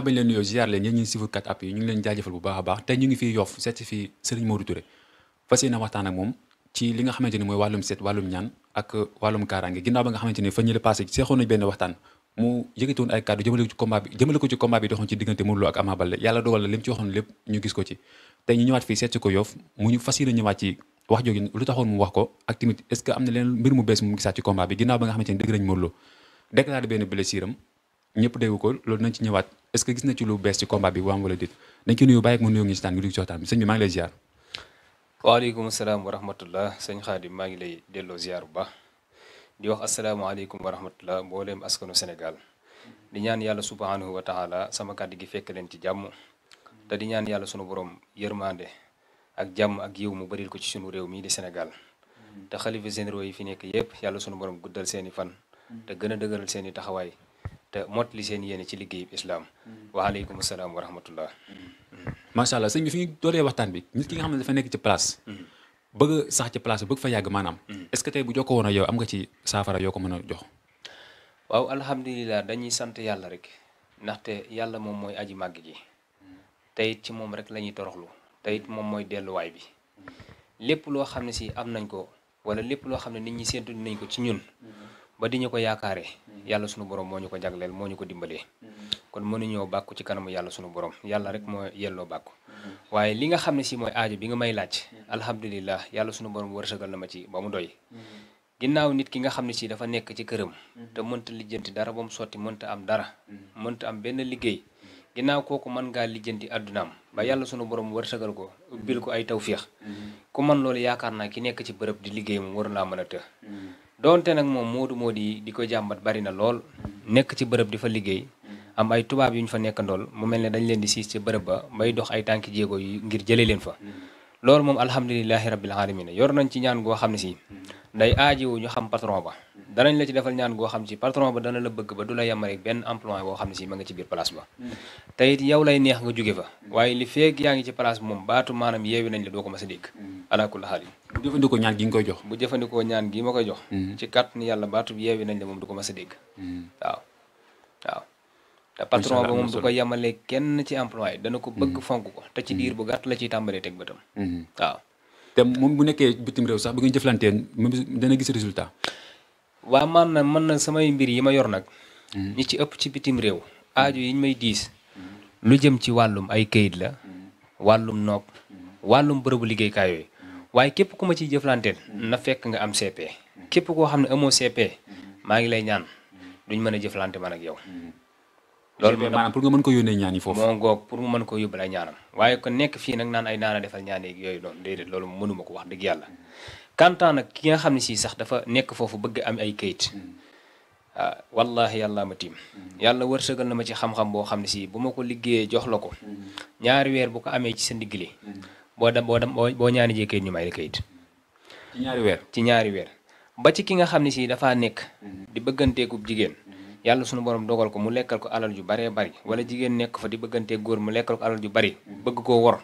ginnaaw bañ leen nuyoo a ba nga xamante ni fa ñëwaat fii seet ko Yoff mu ñu fas ñëwaat ci wax jooju lu taxoon mu wax ko ak tamit est am na leen mbir mu bees mu gisaat ci combat bi ginnaaw ba nga xamante ni dëgg nañ Modou benn blessure am ñëpp ko loolu nañ ci ñëwaat est-ce que gis na ci lu bees ci combat bi waam wala déet dañ ko a bàyyi ak mu nuyoo ngi ngi dugg ci waxtaan bi sëñ bi maa ngi lay waaleykum salaam wa rahmatullah sëñ Xaadim maa ngi lay delloo ziar bu baax di wax asalaamaaleykum wa rahmatullah mbooleem askanu senegal di ñaan yàlla subhanahu wa sama kàddu gi fekk leen ci jàmm te di ñaan yàlla sunu borom yërmande ak jàmm ak yiw mu baril ko ci sunu réew mii di Sénégal te xalifa généraux yi fi nekk yépp yàlla sunu borom guddal seeni fan te gën a dëgëral seeni taxawaay te li seen yéene ci liggéeyub islaam mm. waaleykum salaam wa rahmatullah mm. macha allah sëñ fi ñu doolee waxtaan bi nit ki nga xam ne dafa nekk ci place mm. bëgg sax ci place bëgg fa yàgg maanaam est-ce que tey bu jokkoo woon ak yow am nga ci saafara yoo ko mën a jox waaw alhamdulilah dañuy sant yàlla rek ndaxte yàlla moom mooy aji màgg ji te ci moom rek lañuy ñuy toroxlu te it moom mooy delluwaay bi lépp loo xam ne si am nañ ko wala lépp loo xam ne nit ñi séentu nañ ko ci ñun ba di ñu ko yaakaare mm-hmm. yàlla sunu borom moo ñu ko jagleel moo ñu ko dimbalee mm-hmm. kon mënuñoo bàkku ci kanamu yàlla sunu borom yàlla rek moo yelloo bàkku mm-hmm. waaye li nga xam ne si mooy aajo bi nga may laaj alhamdulilah yàlla sunu borom wërsëgal na ma ci ba mu doy ginnaaw nit ki nga xam ne si dafa nekk ci këram te mënta lijjanti dara ba mu sotti mënta am dara mënta am benn liggéey ginnaaw kooku mën ngaa lijjanti àddunaam ba yàlla sunu borom wërsëgal ko ubbil ko ay tawféex ku man loolu yaakaar naa ki nekk ci bërëb di liggéey mu war naa mën a të donte nag moom moodu moodu yi di ko jàmbat bari na lool nekk ci bërëb di fa liggéey am ay tubaab yu ñu fa nekkandool mu mel ne dañ leen di siis ci bërëb ba may dox ay tànki jéego yu ngir jëlee leen fa loolu moom alhamdulilahi rabbil alamin yor nañ ci ñaan goo xam ne si day aajiwu ñu xam patron ba danañ la ci defal ñaan goo xam si patron ba dana la bëgg ba du la yem rek benn emploi boo xam ne si ma nga ci biir place ba hmm. te it lay neex nga jóge fa waaye li feeg yaa ngi ci place moom baatu maanaam yeewi nañ la doo ko mas a dégg hmm. ala kulli xaal bu jëfandikoo ñaan gi nga koy jox bu jëfandikoo ñaan gi ma koy jox hmm. ci kàttanu yàlla baatu yeewi nañ la moom du ko mas a dégg waaw waaw te patron ba moom du ko yemale kenn ci emploi dana ko bëgg fonk ko te ci diir bu gàtt la ciy tàmbalee teg bëtam waaw te moom bu nekkee bitim réew sax bu ngeen jëflantee moom dana gis résultat waaw man na mën na samay mbir yi ma yor nag mm-hmm. ñi ci ëpp ci bitim réew aajo yi ñu may diis lu jëm ci wàllum ay këyit la mm-hmm. wàllum noog mm-hmm. wàllum bërëbu liggéeykaay yooyu waaye képp ku ma ciy jëflanteel na fekk nga am CP képp koo xam ne amoo CP maa ngi lay ñaan duñ mën a jëflante man ak yow loolu mooy maanaam pour nga mën ko yónnee ñaan yi foofu moo ngoog pour mu ko ñaanam waaye kon nekk fii nag naan ay naana defal ñaan yeeg yooyu noonu déedéet loolu mënuma ko wax dëgg yàlla kantaan nag ki nga xam ne sii sax dafa nekk foofu bëgg am ay kayit hmm. ah wallahi yàlla ma tiim hmm. yàlla wërsëgal na ma ci xam-xam boo xam ne sii bu ma ko liggéeyee jox la ko hmm. ñaari weer bu ko amee ci sa ndigle boo dem boo dem boo ñaani jee kayit ñu may la kayit ci ñaari weer ci ñaari weer ba ci ki nga xam ne sii dafaa nekk di bëgganteeku jigéen yàlla sunu borom dogal ko mu lekkal ko alal ju bare bari wala jigéen nekk fa di bëggantee góor mu lekkal ko alal ju bari bëgg koo wor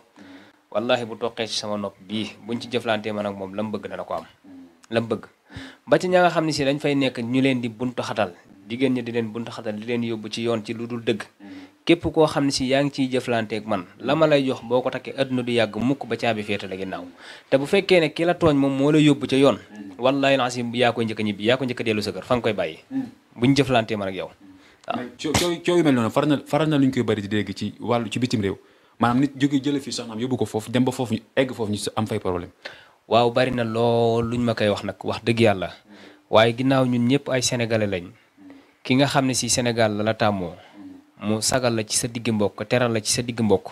wallahi bu toqee ci sama nopp bii buñ ci jëflantee man ak moom lam bëgg dana ko am lam bëgg ba ci ña nga xam ne si dañ fay nekk ñu leen di buntu xatal jigéen ñi di leen buntu xatal di leen yóbbu ci yoon ci lu dul dëgg képp koo xam ne si yaa ngi ciy jëflanteeg man la ma lay jox boo ko takkee adduna du yàgg mukk ba caabi féete la naaw te bu fekkee ne kila la tooñ moom moo la yóbbu ca yoon wallahi lancim yaa koy njëkk a ñibbi yaa ko njëkk a dellu sa kër fa nga koy bàyyi buñ jëflantee man ak yow waaw coow yu mel noonu faral na faral na koy bari di dégg ci wàllu ci bitim réew maanaam nit jóge jële fii soxnaam yóbbu ko foofu dem ba foofu ñu egg foofu ñu am fay problème waaw bari na lool ñu ma koy wax nag wax dëgg yàlla waaye ginnaaw ñun ñëpp ay sénégalais lañ ki nga xam ne si Sénégal la la tàmmoo mu sagal la ci sa digg mbokk teral la ci sa digg mbokk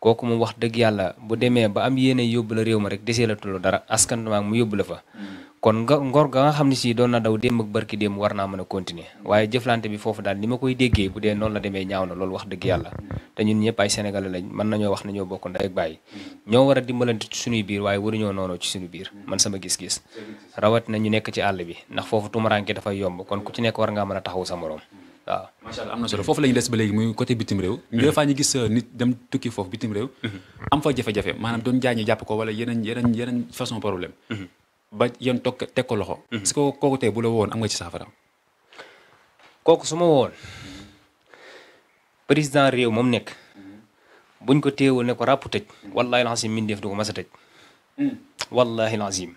kooku mu wax dëgg yàlla bu demee ba am yéene yóbbu la réew ma rek desee la tullu dara askan wi mu yóbbu la fa kon nga ngor ga nga xam ne si doon na daw démb ak barki démb war naa mën a continuer waaye jëflante bi foofu daal ni ma koy déggee bu dee noonu la demee ñaaw na loolu wax dëgg yàlla te ñun ñëpp ay sénégalais mën nañoo wax ne bokk ndey ak bàyyi ñoo war a dimbalante ci biir waaye waruñoo noonoo ci suñu biir man sama gis-gis rawat na ñu nekk ci àll bi ndax foofu tumaraanke dafay yomb kon ku ci nekk war ngaa mën a taxaw sa morom waaw na solo foofu la ñu des ba léegi muy côté bitim réew mm-hmm. des fois ñu gis euh, nit dem tukki foofu bitim réew mm-hmm. am fa jafe-jafe maanaam doon jaay ñu jàpp ko wala yeneen yeneen yeneen façon problème mm-hmm. ba yéen toog teg ko loxo. Mhm. est-ce kooku tey bu la woon am nga ci saafara. kooku su ma woon président réew moom nekk buñ ko téewul ne ko ràpp tëj wallaahi lancim mindeef du ko mas a tëj. Hmm. wallaahi lancim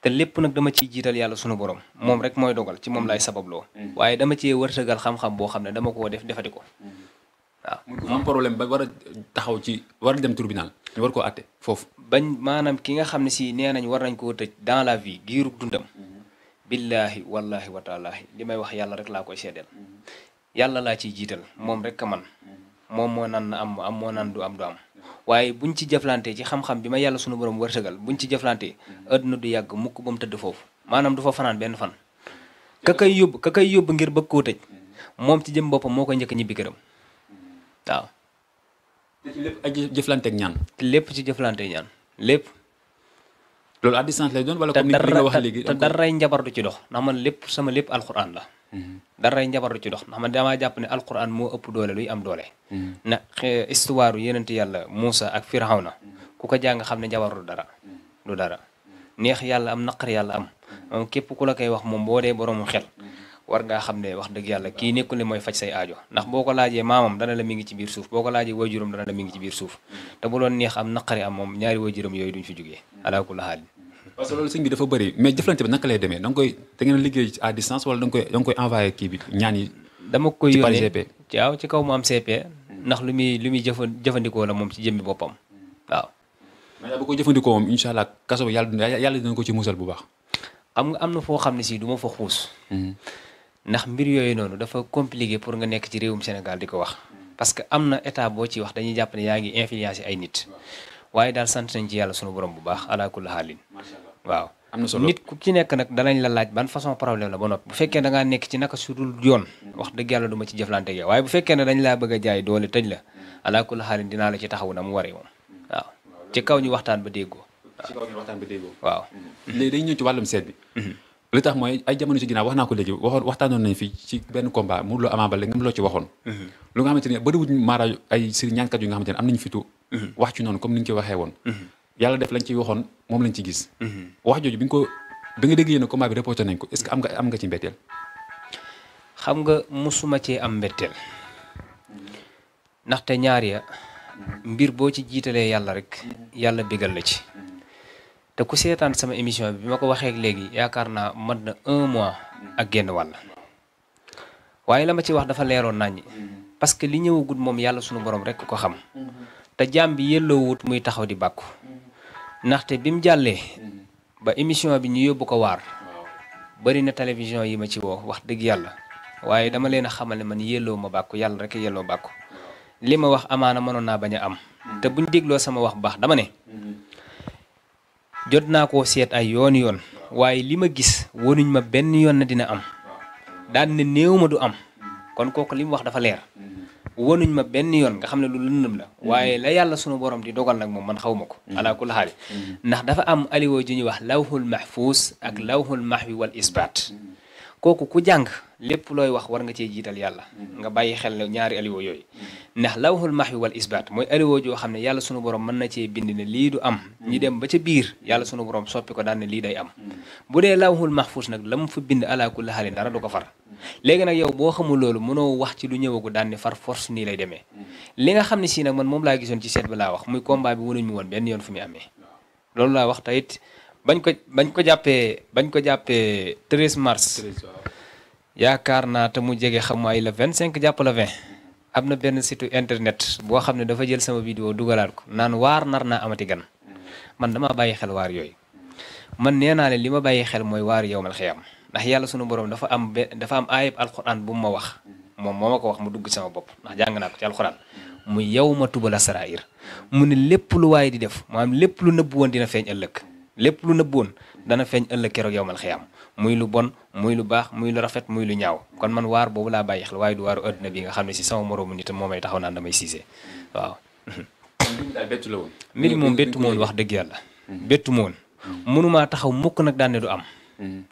te lépp nag dama ciy jiital yàlla sunu borom moom rek mooy dogal ci moom laay hmm. sababloo. Hmm. waaye dama cee wërtëgal xam-xam boo xam ne dama koo def defati ko. waaw am problème ba war a taxaw ci war a dem tribunal ñu war koo àtte foofu. bañ maanaam ki nga xam ne si nee nañ war nañ koo tëj dans la vie giirug dundam. Mm-hmm. billaahi wallaahi wataalaahi li may wax yàlla rek laa koy seedeel. Mm-hmm. yàlla laa ciy jiital moom rek a man. Mm-hmm. moom moo naan na am moo naan du am du am. waaye buñ ci jëflante ci xam-xam bi ma yàlla sunu borom wërsëgal buñ ci jëflante. àdduna du yàgg mukk ba mu tëdd foofu maanaam du fa fanaan benn fan. ka kay yóbbu ka kay yóbbu ngir bëgg koo tëj. moom ci jëm boppam moo koy njëkk ñibbi këram waaw. te lépp ñaan. lépp ci jëflanteeg ñaan lépp. loolu à distance lay doon wax léegi. te daray njabar du ci dox ndax man lépp sama lépp alxuraan la. Mhm. daray njabar du ci dox ndax man damaa jàpp ne alxuraan moo ëpp doole luy am doole. Mhm. na histoire yeneen yàlla Moussa ak na mhm. ku ko jàng xam ne njabar du dara. du dara neex yàlla am naqar yàlla am képp ku la koy wax moom boo dee boroomu xel. war ngaa xam ne wax dëgg yàlla kii nekkul mooy faj say aajo ndax boo ko laajee maamam dana la mi ngi ci biir suuf boo ko laajee waajuram dana la mi ngi ci biir suuf te bu doon neex am naqari am moom ñaari bëri mais jëflante naka lay demee da nga koy da ngeen liggéey à distance wala da nga koy da nga koy envoyé dama koy yónnee ci waaw ci kaw am ndax lu muy lu muy jëfa jëfandikoo la moom ci jëmmi boppam waaw ko jëfandikoo moom incha allah kaso yàlla yàlla dina ko ci musal bu baax xam nga am na foo xam ne sii du ma fa xuus mm-hmm. ndax mbir yooyu noonu dafa compliqué pour nga nekk ci réewum Sénégal di ko wax parce que am na état boo ci wax dañuy jàpp ne yaa ngi influencé ay nit waaye daal sant nañ ci yàlla sunu borom bu baax ala kulli haalin waaw am na solo nit ku ci nekk nag danañ la laaj ban façon problème la ba noppi bu fekkee da ngaa nekk ci naka su dul yoon wax dëgg yàlla du ma ci jëflante ak waaye bu fekkee ne dañ laa bëgg a jaay doole tëj la ala kulli haalin dinaa la ci taxaw na mu waree moom waaw kaw ñu waxtaan ba déggoo ci kaw waaw ci wàllum seet bi mm-hmm. li tax mooy ay jamono ci ginnaaw wax naa ko léegi waxoon waxtaanoon nañ fii ci benn combat Modou Lo Ama Baldé ngam loo ci waxoon mhm. lu nga xamante ne bëriwuñ maara ay sëriñ ñaankat yu nga xamante ne am nañ fitu mhm. ci noonu comme ni ñu ko waxee woon mhm. yàlla def lañ ci waxoon moom lañ ci gis wax jooju bi nga ko bi nga dégg yéen combat bi reporté nañ ko est-ce que am nga am nga ci mbetteel xam nga musuma cee am mbetteel ndaxte ñaar ya mbir boo ci jiitalee yàlla rek yàlla bégal la ci te ku seetaan sama émission bi ma ko waxee léegi yaakaar naa mat na un mois ak génn wàll waaye la ma ci wax dafa leeroon naññi parce que li ñëwagut moom yàlla sunu borom rekk ko xam te jaam bi wut muy taxaw di bàkku ndaxte bi mu jàllee ba émission bi ñu yóbbu ko waar bari na télévision yi ma ci woo wax dëgg yàlla waaye dama leen a xamal ne man yelloo ma bàkku yàlla rek yelloo bàkku li ma wax amaana mënoon naa bañ a am te buñ dégloo sama wax baax dama ne jot naa ko seet a yoon yoon waaye li ma gis wonuñ ma benn yoon na dina am daan ne néew ma du am kon kooku li mu wax dafa leer wonuñ ma benn yoon nga xam ne lu lëndëm la waaye la yàlla sunu borom di dogal nag moom man xaw ma ko mm-hmm. ala kulli xaali mm-hmm. ndax dafa am aliwo ju ñuy wax lawhul mahfuus ak lawhul mahwi wal isbaat kooku ku jàng lépp looy wax war nga cee jiital yàlla mm-hmm. nga bàyyi xel ñaari aliwo yooyu ndax lawhul mahyu wala isbaat mooy aliwoo joo xam ne yàlla sunu borom mën na cee bind ne lii du am ñi dem ba ca biir yàlla sunu borom soppi ko daan ne lii day am bu dee lawhul mahfuus nag la mu fa bind ala kulli xaalin dara du ko far léegi nag yow boo xamu loolu mënoo wax ci lu ñëwagu daan ne far force nii lay demee li nga xam ne si nag man moom laa gisoon ci seet ba laa wax muy combat bi wanañu woon benn yoon fu muy amee loolu laa wax tayit bañ ko bañ ko jàppee bañ ko jàppee 13 mars yaakaar naa te mu jege xam ay le 25 jàpp le 20 am na benn site internet boo xam ne dafa jël sama vidéo dugalaat ko naan waar nar na amati gan man dama bàyyi xel waar yooyu man nee naa ne li ma bàyyi xel mooy waar yowmal am ndax yàlla sunu borom dafa am be dafa am ayib alquran bu mu ma wax moom moo ma ko wax mu dugg sama bopp ndax jàng naa ko ci alquran mu yow ma tubal asrair mu ne lépp lu waaye di def maanaam lépp lu nëbb woon dina feeñ ëllëg lépp lu nëbb woon dana feeñ ëllëg keroog yowmal xiyaam muy lu bon muy lu baax muy lu rafet muy lu ñaaw kon man waar boobu laa bàyyi xel waaye du waaru àdduna bi nga xam ne si sama moroomu nitam moo ay taxaw naan damay siisee waaw. mbir moom bettu moon wax dëgg yàlla. bettu moon mënumaa taxaw mukk nag daan ne du am.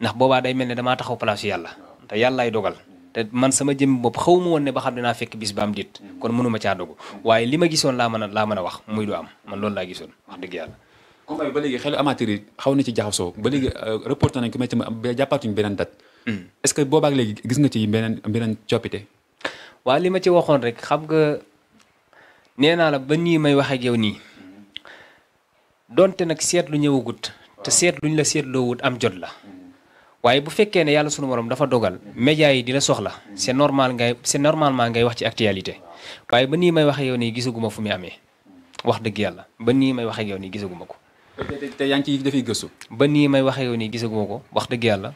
ndax boobaa day mel ne damaa taxaw place yàlla te yàllaay dogal. te man sama jëm bopp xaw ma woon ne ba xam dinaa fekk bis ba am dit kon mënuma caa dogu waaye li ma gisoon laa mën a laa mën a wax muy du am man loolu laa gisoon wax dëgg yàlla combat ba léegi xelu amateur yi xaw na ci jaxasoo ba léegi euh, reporté nañ ko mais tamit ba jàppaatuñ beneen date. Hmm. est-ce que boobaak léegi gis nga ci beneen beneen coppite. waa li ma ci waxoon rek xam nga nee naa la ba nii may wax ak yow nii donte nag seetlu ñëwagut. te seetluñ la seetloo wut am jot la. waaye bu fekkee ne yàlla sunu borom dafa dogal. médias yi di la soxla. c'est normal ngay c'est normalement ngay wax ci actualité. waaye ba nii may wax ak yow nii gisaguma fu muy amee. wax dëgg yàlla ba nii may wax ak yow nii gisaguma ko. te yaa ngi ciy dafay ba nii may waxee yow nii gisaguma ko wax dëgg yàlla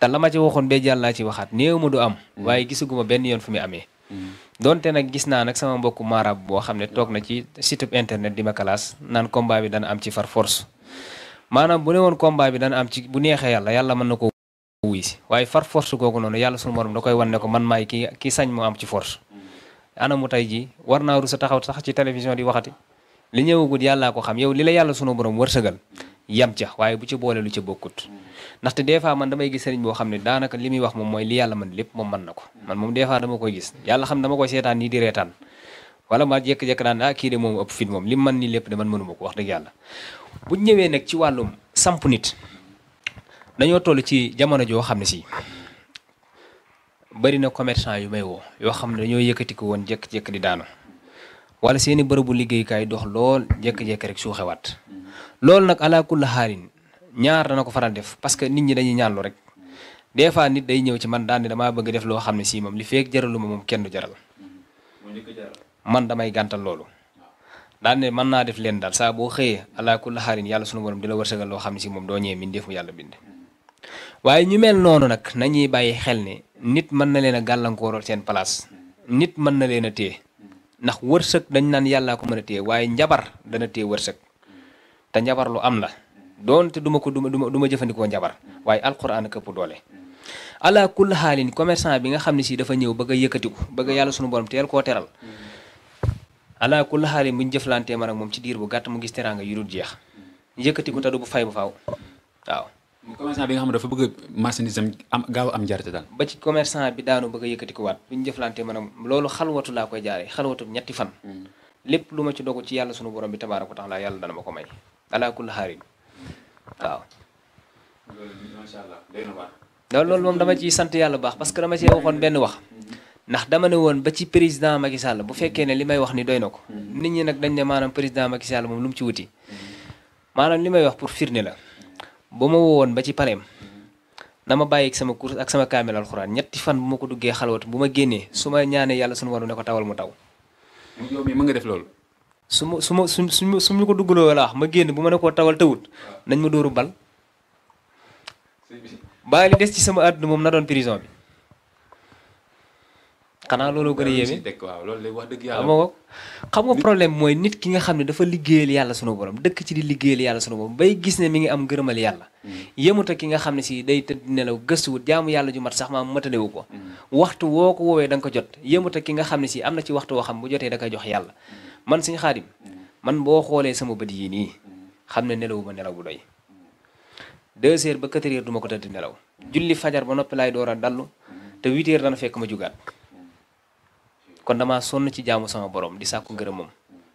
te la ma ci waxoon bee jàll laa ci waxaat néew ma du am. Mm. waaye gisaguma benn yoon fu muy amee. Mm. donte nag gis naa nag sama mbokk maarab boo xam ne toog na ci site internet di ma kalaas naan combat bi dana am ci far force maanaam bu ne woon combat bi dana am ci bu neexee yàlla yàlla mën na ko wuy si waaye far force kooku noonu yàlla sunu morom da koy wan ko man maay ki ki sañ moo am ci force. Mm. ana mu tey jii war naa rus a taxaw sax ci télévision di waxati. li ñëwagul yàllaa ko xam yow li la yàlla sunu borom wërsëgal yam ca waaye bu ci boole lu ci bokkut ndaxte des fois man damay gis sëriñ boo xam ne daanaka li muy wax moom mooy li yàlla man lépp moom mën na ko man moom des fois dama koy gis yàlla xam dama koy seetaan nii di reetaan wala ma jékki-jékki daan ah kii de moom ëpp fit moom li man ni lépp de man mënuma ko wax dëgg yàlla bu ñëwee nag ci wàllum samp nit dañoo toll ci jamono joo xam ne si bari na commerçant yu may woo yoo xam ne dañoo yëkkati ko woon jékki-jékki di wala seeni bërëbu liggéeykaay dox lool jékki-jékki rek waat loolu nag ala la xaalin ñaar dana ko faral def parce que nit ñi dañuy ñaanlu rek des fois nit day ñëw ci man daan ne damaa bëgg def loo xam ne sii moom li feek jaralu ma moom kenn du jaral man damay gàntal loolu daan ne mën naa def leen daal saa boo xëyee ala la xaalin yàlla sunu borom di la wërsëgal loo xam ne si moom doo ñëwee min def mu yàlla bind waaye ñu mel noonu nag nañuy bàyyi xel ne nit mën na leen a gàllankooral seen place nit mën na leen a téye ndax wërsëg dañ naan yàllaa ko mën a téye waaye njabar dana téye wërsëg te njabar lu am la doonte du ma ko duma duma du ma jëfandikoo njabar waaye alquran këpp doole ala kulli xaalin commerçant bi nga xam ne sii dafa ñëw bëgg a yëkkatiku bëgg yàlla sunu borom teel koo teral ala kulli xaalin bu ñu jëflantee man ak moom ci diir bu gàtt mu gis teraanga yu dul jeex yëkkatiku te du bu fay bu faaw waaw commerçant bi nga xam ne dafa bëgg marchandise am gaaw am njarte daal ba ci commerçant bi daanu bëgg a yëkkati ko waat bu laa koy jaaree xalwatu ñetti fan hmm. lépp lu ma ci dogu ci yàlla sunu borom bi tabaaraka tax taala yàlla dana ma ko may ala kulli xaarin waaw loolu loolu moom dama ciy sant yàlla baax parce que dama ci waxoon benn wax ndax dama ne woon ba ci président Macky Sall bu fekkee ne li may wax ni doy na ko hmm. nit ñi nag dañ ne maanaam président Macky Sall moom lu mu ci wuti maanaam li may wax pour la ba ma woowoon ba ci paleem na ma bàyyi sama course ak sama kaamel alxuraan ñetti fan bu ma ko duggee xalwat bu ma génnee su ma ñaanee yàlla suñu waru ne ko tawal mu taw. yow mii mën nga def loolu. su ma su ma su ma su ma ko duggaloo wala ma génn bu ma ne koo tawal tawut nañ ma dóoru bal. baa li des ci sama àdduna moom na doon prison bi. xanaa looloo gën a yéeme waaw loolu wax dëgg yàlla ah, xam nga problème mooy nit ki nga xam ne dafa liggéeyal yàlla sunu borom dëkk ci di liggéeyal yàlla sunu borom bay gis ne mi ngi am gërëmal yàlla mm. yëmuta ki nga xam ne si day tëdd nelaw gëstuwut jaamu yàlla ju mat sax ma maam wu ko mm. waxtu woo ko woowee da nga ko jot yëmuta ki nga xam ne si am na ci waxtu woo xam bu jotee da koy jox yàlla mm. man suñu xaadim man boo xoolee sama bët yii nii xam ne nelawu ma nelaw bu doy deux heures ba quatre duma ko tëdd nelaw julli fajar ba noppi laay door a dallu te huit heures dana fekk ma jugaat kon damaa sonn ci jaamu sama borom di sàkku ngërëmam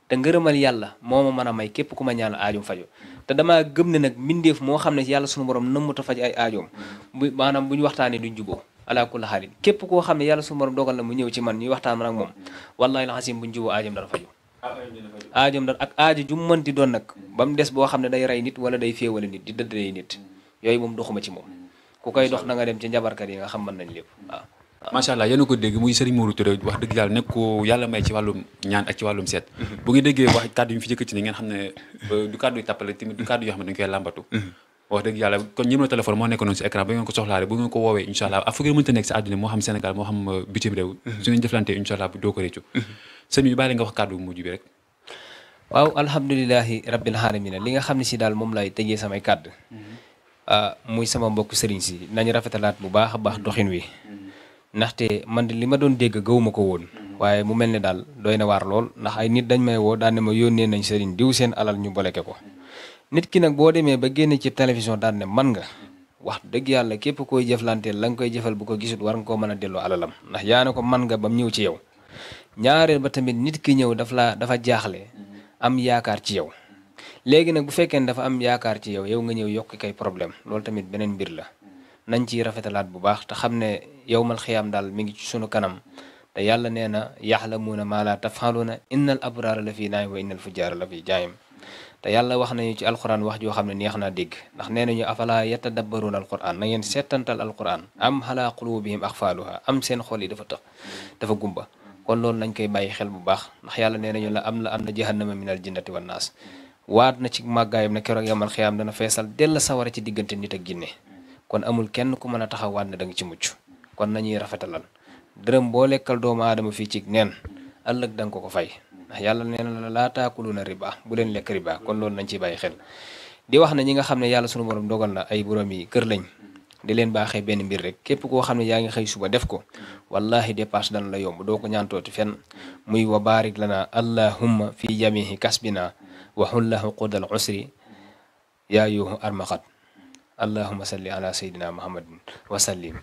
te ngërëmal yàlla moo ma mën a may képp ku ma ñaan aajum fajo te dama gëm ne nag mbindeef moo xam ne yàlla sunu borom nëmmut a faj ay aajoom bu maanaam bu ñu waxtaanee duñ juboo ala kulli xaalin képp koo xam ne yàlla sunu borom dogal na mu ñëw ci man ñuy waxtaan ak moom wallaahi la xasim buñ juboo aajom dara fajo aajom dara ak aajo ju mën di doon nag ba mu des boo xam ne day rey nit wala day féewale nit di dëddee nit yooyu moom doxuma ci moom ku koy dox na nga dem ci njabarkat yi nga xam man nañ lépp macha allah yéen ko dégg muy Serigne Mourou Touré wax dëgg yàlla nekk ko yàlla may ci wàllum ñaan ak ci wàllum seet mhm. ne ngeen xam ne euh, yoo xam ne dañ mhm. yàlla kon numéro téléphone moo nekk noonu si écran ba ngeen ko soxlaare bu ngeen ko woowee incha allah ak fu ngeen mënta nekk si àdduna moo xam Sénégal moo euh, mhm. bi bàyyi nga wax kàddu bu mujj rek waaw alhamdulilahi rabbil alamin li nga xam ne si daal moom lay tëjee samay kàddu ah, muy sama mbokk sëriñ si nañu rafetalaat bu baax a baax doxin wi ndaxte man li ma doon dégg gawuma ko woon mhm. waaye mu mel ne daal dooy na waar lool ndax ay nit dañ may woo daan ne ma yónnee nañ sëriñ diw seen alal ñu boleke ko mhm. nit ki nag boo demee ba génn ci télévision daan ne man nga wax dëgg yàlla képp koy jëflanteel la nga koy jëfal bu ko gisut war nga koo mën a delloo alalam ndax yaa ne ko man nga bam ñëw ci yow ñaareel ba tamit nit ki ñëw daf la dafa jaaxle mhm. am yaakaar ci yow léegi nag bu fekkee ne dafa am yaakaar ci yow yow nga ñëw yokk kay problème loolu tamit beneen mbir la nañ ciy rafetalaat bu baax te xam ne yowmal xiyaam daal mi ngi ci sunu kanam te yàlla nee na yaxlamuuna maa laa tafxaluuna innal abraara la fii naayim wa innal fujjaara la fii jaayim yàlla wax nañu ci alquran wax joo xam ne neex naa dégg ndax nee nañu afala yatadabbaruuna alquran na ngeen seetantal alquran am xalaa qulubihim axfaaluha am seen xol yi dafa tëx dafa gumba kon loolu nañ koy bàyyi xel bu baax ndax yàlla nee nañu la am la am na jahannama minal jinnati wan naas waat na ci màggaayam ne keroog yamal xiyaam dana feesal dell sawara ci diggante nit ak jinne kon amul kenn ku mën a taxawaat ne da nga ci mucc kon nañuy rafetalal dërëm boo lekkal doomu aadama fii cig neen ëllëg da ko ko fay ndax yàlla nee na la laa taakuluna riba bu leen lekk riba kon loolu nañ ciy bàyyi xel di wax ne ñi nga xam ne yàlla sunu borom dogal na ay borom yi kër lañ di leen baaxee benn mbir rek képp koo xam ne yaa ngi xëy suba def ko wallahi dépasse dana la yomb doo ko ñaantooti fenn muy wa baarik lana allahumma fi jamihi kasbina wa xullahu qudal usri yaa yuuhu armaxat allahuma salli ala sayyidina muhammadin wa sallim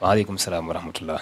waaleykum salaam wa rahmatullah